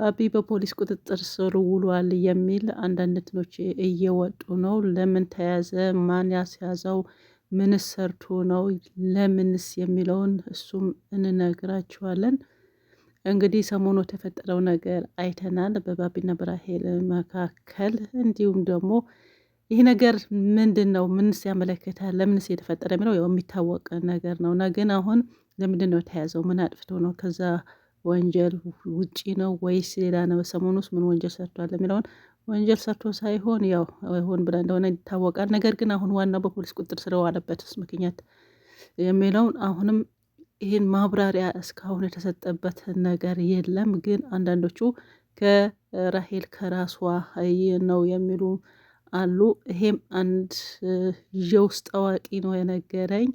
ባቢ በፖሊስ ቁጥጥር ስር ውሏል የሚል አንዳንድ እንትኖች እየወጡ ነው። ለምን ተያዘ? ማን ያስያዘው? ምንስ ሰርቶ ነው? ለምንስ የሚለውን እሱም እንነግራችኋለን። እንግዲህ ሰሞኑ የተፈጠረው ነገር አይተናል፣ በባቢና በራሄል መካከል እንዲሁም ደግሞ ይህ ነገር ምንድን ነው? ምንስ ያመለክታል? ለምንስ የተፈጠረ የሚለው የሚታወቅ ነገር ነው ግን አሁን ለምንድን ነው የተያዘው? ምን አጥፍቶ ነው? ከዛ ወንጀል ውጪ ነው ወይስ ሌላ ነው? ሰሞኑስ ምን ወንጀል ሰርቷል የሚለውን ወንጀል ሰርቶ ሳይሆን ያው ሆን ብላ እንደሆነ ይታወቃል። ነገር ግን አሁን ዋናው በፖሊስ ቁጥጥር ስር የዋለበትስ ምክንያት የሚለውን አሁንም ይህን ማብራሪያ እስካሁን የተሰጠበት ነገር የለም። ግን አንዳንዶቹ ከራሄል ከራሷ ነው የሚሉ አሉ። ይሄም አንድ የውስጥ አዋቂ ነው የነገረኝ።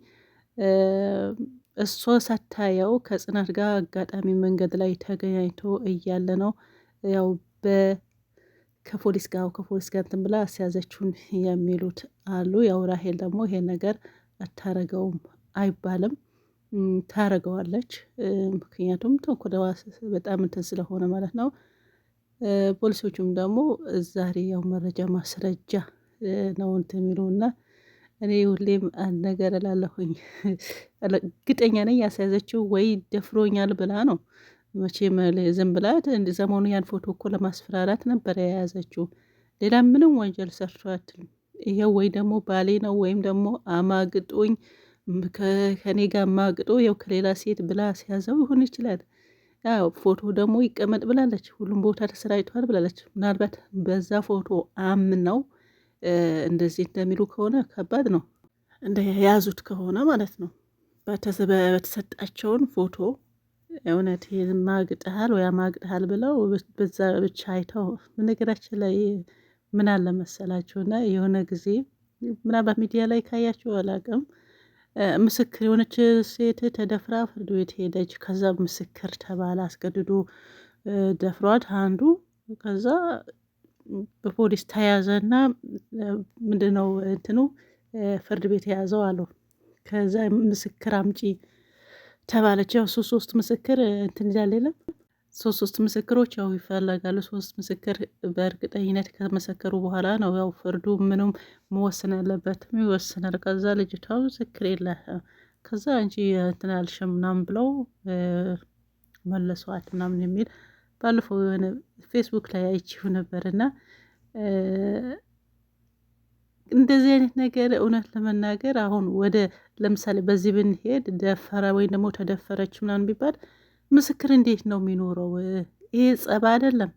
እሷ ሳታየው ከጽናት ጋር አጋጣሚ መንገድ ላይ ተገናኝቶ እያለ ነው ያው በ ከፖሊስ ጋር ከፖሊስ ጋር እንትን ብላ አስያዘችውን የሚሉት አሉ። ያው ራሄል ደግሞ ይሄ ነገር አታረገውም አይባልም፣ ታረገዋለች። ምክንያቱም ተንኮደዋ በጣም እንትን ስለሆነ ማለት ነው። ፖሊሶቹም ደግሞ ዛሬ ያው መረጃ ማስረጃ ነው እንትን እና እኔ ሁሌም አንድ ነገር እላለሁኝ እርግጠኛ ነኝ ያስያዘችው ወይ ደፍሮኛል ብላ ነው። መቼም ዝም ብላ ዘመኑ ያን ፎቶ እኮ ለማስፈራራት ነበር የያዘችው። ሌላ ምንም ወንጀል ሰርቶ አትልም። ይኸው ወይ ደግሞ ባሌ ነው ወይም ደግሞ አማግጦኝ ከኔ ጋር ማግጦ ያው ከሌላ ሴት ብላ ሲያዘው ይሆን ይችላል። ፎቶ ደግሞ ይቀመጥ ብላለች፣ ሁሉም ቦታ ተሰራጭቷል ብላለች። ምናልባት በዛ ፎቶ አምነው እንደዚህ እንደሚሉ ከሆነ ከባድ ነው። እንደ ያዙት ከሆነ ማለት ነው። በተሰጣቸውን ፎቶ እውነት ማግጥሃል ወይ ማግጥሃል ብለው በዛ ብቻ አይተው። በነገራችን ላይ ምን አለ እና የሆነ ጊዜ ምናልባት ሚዲያ ላይ ካያችሁ አላቅም፣ ምስክር የሆነች ሴት ተደፍራ ፍርድ ቤት ሄደች። ከዛ ምስክር ተባለ አስገድዶ ደፍሯት አንዱ ከዛ በፖሊስ እና ምንድነው እንትኑ ፍርድ ቤት የያዘው አሉ። ከዛ ምስክር አምጪ ተባለች። ያው ሶስት ሶስት ምስክር እንትን ይላል የለም ሶስት ሶስት ምስክሮች ያው ይፈለጋሉ። ሶስት ምስክር በእርግጠኝነት ከመሰከሩ በኋላ ነው ያው ፍርዱ ምንም መወሰን ያለበትም ይወስናል። ከዛ ልጅቷ ምስክር የለ ከዛ አንቺ እንትን አልሽም ምናምን ብለው መለሷት ምናምን የሚል ባለፈው የሆነ ፌስቡክ ላይ አይቼው ነበር እና እንደዚህ አይነት ነገር እውነት ለመናገር አሁን ወደ ለምሳሌ በዚህ ብንሄድ ደፈረ ወይም ደግሞ ተደፈረች ምናምን ቢባል ምስክር እንዴት ነው የሚኖረው? ይሄ ጸባ አይደለም፣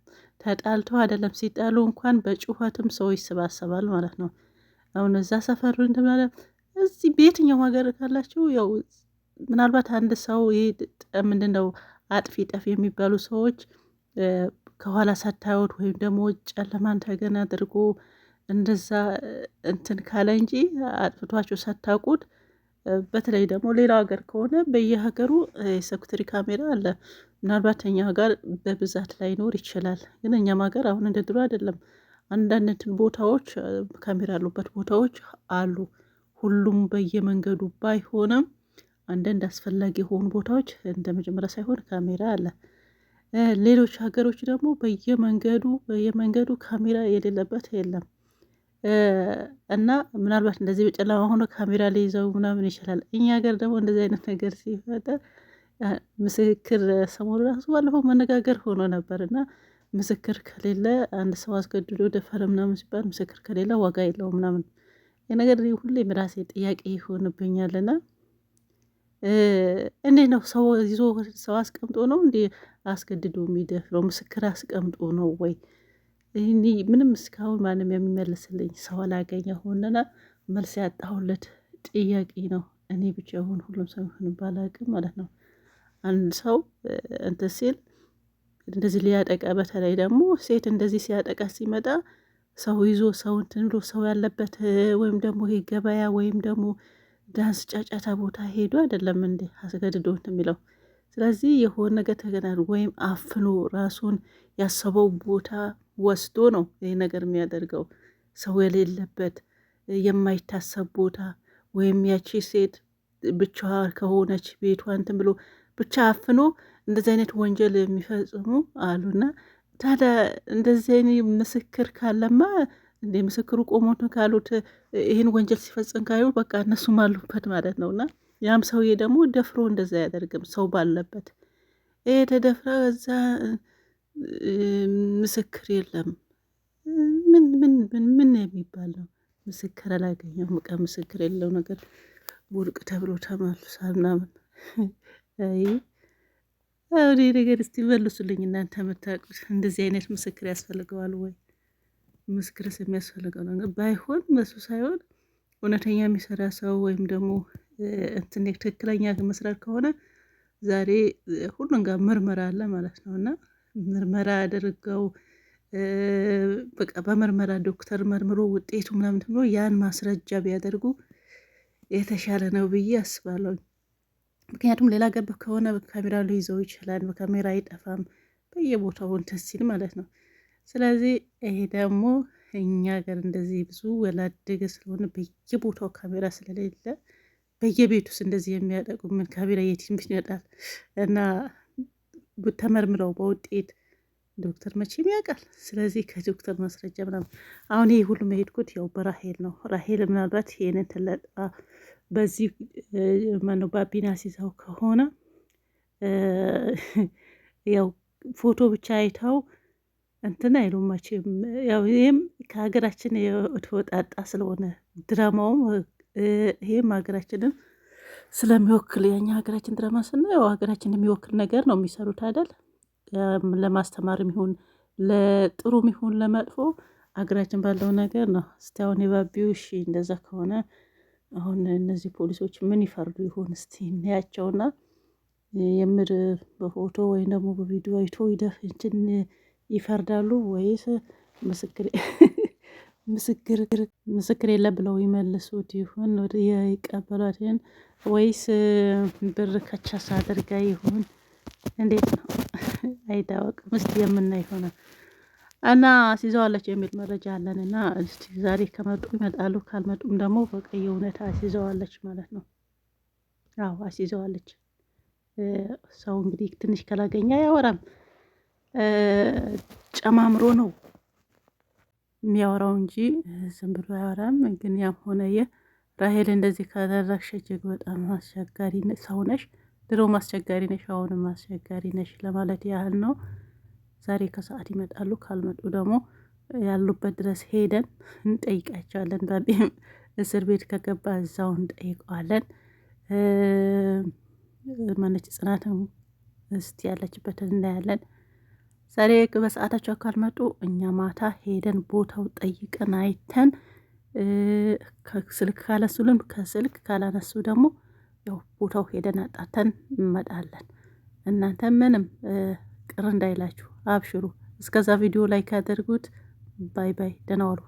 ተጣልተው አይደለም። ሲጣሉ እንኳን በጩኸትም ሰው ይሰባሰባል ማለት ነው። አሁን እዛ ሰፈሩ እንትምናለ እዚህ በየትኛው ሀገር ካላችሁ ያው ምናልባት አንድ ሰው ይህ ምንድን ነው አጥፊ ጠፊ የሚባሉ ሰዎች ከኋላ ሳታዩት ወይም ደግሞ ጨለማን ተገን አድርጎ እንደዛ እንትን ካለ እንጂ አጥፍቷቸው ሳታውቁት በተለይ ደግሞ ሌላ ሀገር ከሆነ በየሀገሩ የሴኩሪቲ ካሜራ አለ። ምናልባት እኛ ሀገር በብዛት ላይኖር ይችላል፣ ግን እኛም ሀገር አሁን እንደ ድሮ አይደለም። አንዳንድ ቦታዎች ካሜራ ያሉበት ቦታዎች አሉ። ሁሉም በየመንገዱ ባይሆንም አንዳንድ አስፈላጊ የሆኑ ቦታዎች እንደ መጀመሪያ ሳይሆን ካሜራ አለ። ሌሎች ሀገሮች ደግሞ በየመንገዱ በየመንገዱ ካሜራ የሌለበት የለም። እና ምናልባት እንደዚህ በጨለማ ሆኖ ካሜራ ሊይዘው ምናምን ይችላል። እኛ ሀገር ደግሞ እንደዚህ አይነት ነገር ሲፈጠር ምስክር ሰሞኑ ራሱ ባለፈው መነጋገር ሆኖ ነበር እና ምስክር ከሌለ አንድ ሰው አስገድዶ ደፈረ ምናምን ሲባል ምስክር ከሌለ ዋጋ የለውም ምናምን የነገር ሁሌ ራሴ ጥያቄ እና እንዴት ነው ሰው ይዞ ሰው አስቀምጦ ነው እንዴ አስገድዶ የሚደፍረው? ምስክር አስቀምጦ ነው ወይ? ምንም እስካሁን ማንም የሚመልስልኝ ሰው ሆነና መልስ ያጣሁለት ጥያቄ ነው። እኔ ብቻ የሆን ሁሉም ሰው ይሆን ባላውቅም ማለት ነው። አንድ ሰው እንትን ሲል እንደዚህ ሊያጠቃ፣ በተለይ ደግሞ ሴት እንደዚህ ሲያጠቃ ሲመጣ ሰው ይዞ ሰው እንትን ብሎ ሰው ያለበት ወይም ደግሞ ይሄ ገበያ ወይም ደግሞ ዳንስ ጫጫታ ቦታ ሄዶ አይደለም እንዲ አስገድዶ የሚለው። ስለዚህ የሆነ ነገር ተገናል ወይም አፍኖ ራሱን ያሰበው ቦታ ወስዶ ነው ይህ ነገር የሚያደርገው። ሰው የሌለበት የማይታሰብ ቦታ ወይም ያቺ ሴት ብቻዋ ከሆነች ቤቷ እንትን ብሎ ብቻ አፍኖ እንደዚህ አይነት ወንጀል የሚፈጽሙ አሉና ታዲያ እንደዚህ አይነት ምስክር ካለማ እንደ ምስክሩ ቆሞት ካሉት ይህን ወንጀል ሲፈጽም ካዩ በቃ እነሱም አሉበት ማለት ነው። እና ያም ሰውዬ ደግሞ ደፍሮ እንደዛ አያደርግም ሰው ባለበት። ይሄ ተደፍረ እዛ ምስክር የለም ምን ምን ምን ምን የሚባል ነው? ምስክር አላገኘም። በቃ ምስክር የለው ነገር ውድቅ ተብሎ ተመልሷል ምናምን። አይ አሁን ነገር እስቲ መልሱልኝ እናንተ የምታውቁት እንደዚህ አይነት ምስክር ያስፈልገዋል ወይ? ምስክርስ የሚያስፈልገው ነገር ባይሆን በሱ ሳይሆን እውነተኛ የሚሰራ ሰው ወይም ደግሞ እንትን ትክክለኛ መስራት ከሆነ ዛሬ ሁሉን ጋር ምርመራ አለ ማለት ነው እና ምርመራ አድርገው በቃ በምርመራ ዶክተር መርምሮ ውጤቱ ምናምን ብሎ ያን ማስረጃ ቢያደርጉ የተሻለ ነው ብዬ አስባለሁ። ምክንያቱም ሌላ ገብ ከሆነ ካሜራ ሊይዘው ይችላል። በካሜራ አይጠፋም፣ በየቦታው እንትን ሲል ማለት ነው። ስለዚህ ይሄ ደግሞ እኛ ሀገር እንደዚህ ብዙ ወላደገ ስለሆነ በየቦታው ካሜራ ስለሌለ በየቤቱስ እንደዚህ የሚያጠቁ ምን ካሜራ የት ይመጣል? እና ተመርምረው በውጤት ዶክተር መቼም ያውቃል። ስለዚህ ከዶክተር ማስረጃ ምናምን አሁን ይህ ሁሉ መሄድኩት ያው በራሄል ነው። ራሄል ምናልባት ይህንን ትለጣ በዚህ ማነው ባቢና ሲዛው ከሆነ ያው ፎቶ ብቻ አይታው እንትን አይሉም መቼም። ያው ይህም ከሀገራችን የተወጣጣ ስለሆነ ድራማውም ይህም ሀገራችንን ስለሚወክል የኛ ሀገራችን ድራማ ስናየው ሀገራችን የሚወክል ነገር ነው የሚሰሩት አይደል? ለማስተማር ይሁን ለጥሩ ይሁን ለመጥፎ ሀገራችን ባለው ነገር ነው። እስቲ አሁን የባቢው እሺ፣ እንደዛ ከሆነ አሁን እነዚህ ፖሊሶች ምን ይፈርዱ ይሆን? እስቲ እናያቸውና የምር በፎቶ ወይም ደግሞ በቪዲዮ አይቶ ይደፍ እንትን ይፈርዳሉ ወይስ ምስክር ምስክር የለ ብለው ይመልሱት ይሁን የቀበሏትን ወይስ ብር ከቻሳ አድርጋ ይሁን እንዴት ነው አይታወቅም። እስቲ የምናይ ይሆናል እና አስይዘዋለች የሚል መረጃ አለን እና እስቲ ዛሬ ከመጡ ይመጣሉ፣ ካልመጡም ደግሞ በቀይ እውነት አስይዘዋለች ማለት ነው። አዎ አስይዘዋለች። ሰው እንግዲህ ትንሽ ካላገኘ አያወራም። ጨማምሮ ነው የሚያወራው እንጂ ዝም ብሎ አያወራም። ግን ያም ሆነ ራሄል እንደዚህ ካደረግሽ እጅግ በጣም አስቸጋሪ ሰው ነሽ። ድሮም አስቸጋሪ ነሽ፣ አሁንም አስቸጋሪ ነሽ ለማለት ያህል ነው። ዛሬ ከሰዓት ይመጣሉ። ካልመጡ ደግሞ ያሉበት ድረስ ሄደን እንጠይቃቸዋለን። ባቢም እስር ቤት ከገባ እዛው እንጠይቀዋለን። ማነች ጽናትም እስቲ ያለችበትን እናያለን። ዛሬ በሰዓታቸው ካልመጡ እኛ ማታ ሄደን ቦታው ጠይቀን አይተን ስልክ ካለሱልን ከስልክ ካላነሱ ደግሞ ያው ቦታው ሄደን አጣተን እንመጣለን። እናንተ ምንም ቅር እንዳይላችሁ አብሽሩ። እስከዛ ቪዲዮ ላይ ካደርጉት ባይ ባይ፣ ደህና ዋሉ።